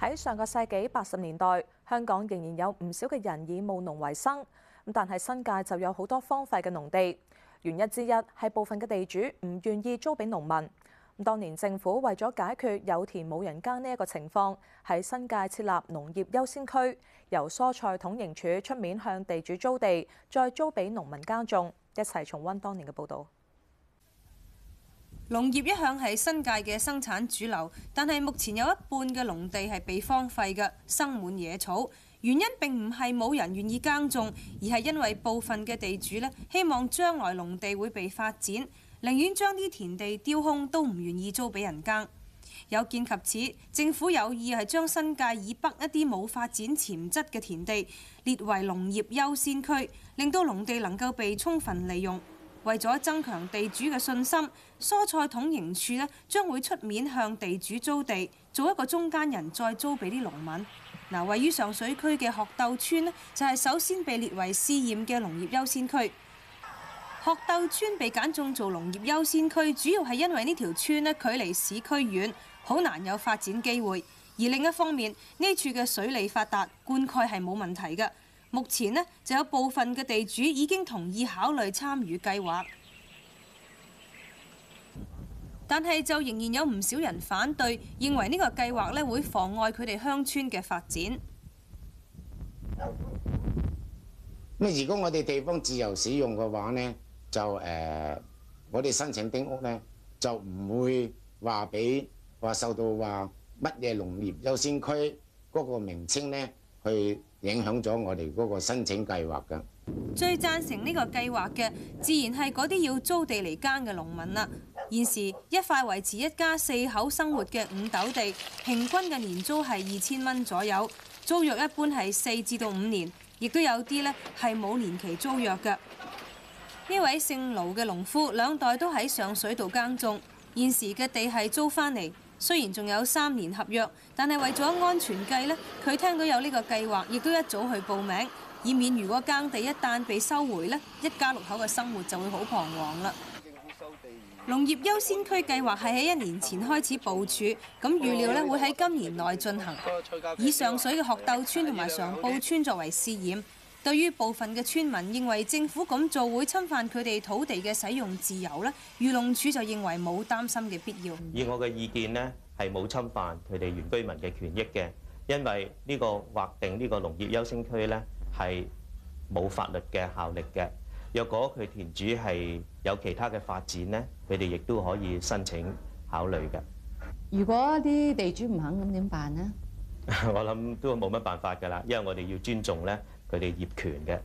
喺上個世紀八十年代，香港仍然有唔少嘅人以務農為生。咁但係新界就有好多荒廢嘅農地。原因之一係部分嘅地主唔願意租俾農民。當年政府為咗解決有田冇人耕呢一個情況，喺新界設立農業優先區，由蔬菜統營處出面向地主租地，再租俾農民耕種。一齊重溫當年嘅報導。農業一向係新界嘅生產主流，但係目前有一半嘅農地係被荒廢嘅，生滿野草。原因並唔係冇人願意耕種，而係因為部分嘅地主呢希望將來農地會被發展，寧願將啲田地丟空都唔願意租俾人耕。有見及此，政府有意係將新界以北一啲冇發展潛質嘅田地列為農業優先區，令到農地能夠被充分利用。為咗增強地主嘅信心，蔬菜統營處咧將會出面向地主租地，做一個中間人再租俾啲農民。嗱，位於上水區嘅學鬥村就係首先被列為試驗嘅農業優先區。學鬥村被揀中做農業優先區，主要係因為呢條村距離市區遠，好難有發展機會。而另一方面，呢處嘅水利發達，灌溉係冇問題嘅。目前咧就有部分嘅地主已經同意考慮參與計劃，但係就仍然有唔少人反對，認為呢個計劃咧會妨礙佢哋鄉村嘅發展。咁啊，如果我哋地方自由使用嘅話咧，就誒我哋申請丁屋咧，就唔會話俾話受到話乜嘢農業優先區嗰個名稱咧。去影響咗我哋嗰個申請計劃嘅。最贊成呢個計劃嘅，自然係嗰啲要租地嚟耕嘅農民啦。現時一塊維持一家四口生活嘅五斗地，平均嘅年租係二千蚊左右，租約一般係四至到五年，亦都有啲呢係冇年期租約嘅。呢位姓盧嘅農夫，兩代都喺上水度耕種，現時嘅地係租翻嚟。雖然仲有三年合約，但係為咗安全計呢，佢聽到有呢個計劃，亦都一早去報名，以免如果耕地一旦被收回呢，一家六口嘅生活就會好彷徨啦。農業優先區計劃係喺一年前開始部署，咁預料咧會喺今年內進行，以上水嘅學鬥村同埋上步村作為試驗。對於部分嘅村民認為政府咁做會侵犯佢哋土地嘅使用自由呢，漁農署就認為冇擔心嘅必要。以我嘅意見呢，係冇侵犯佢哋原居民嘅權益嘅，因為呢個劃定呢個農業優先區呢係冇法律嘅效力嘅。若果佢田主係有其他嘅發展呢，佢哋亦都可以申請考慮嘅。如果啲地主唔肯，咁點辦呢？我諗都冇乜辦法噶啦，因為我哋要尊重呢。佢哋業權嘅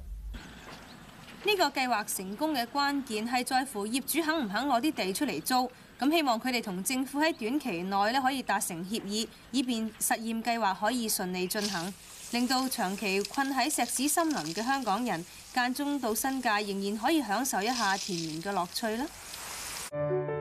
呢個計劃成功嘅關鍵係在乎業主肯唔肯攞啲地出嚟租，咁希望佢哋同政府喺短期內可以達成協議，以便實驗計劃可以順利進行，令到長期困喺石屎森林嘅香港人間中到新界，仍然可以享受一下田園嘅樂趣啦。